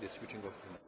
the switching off.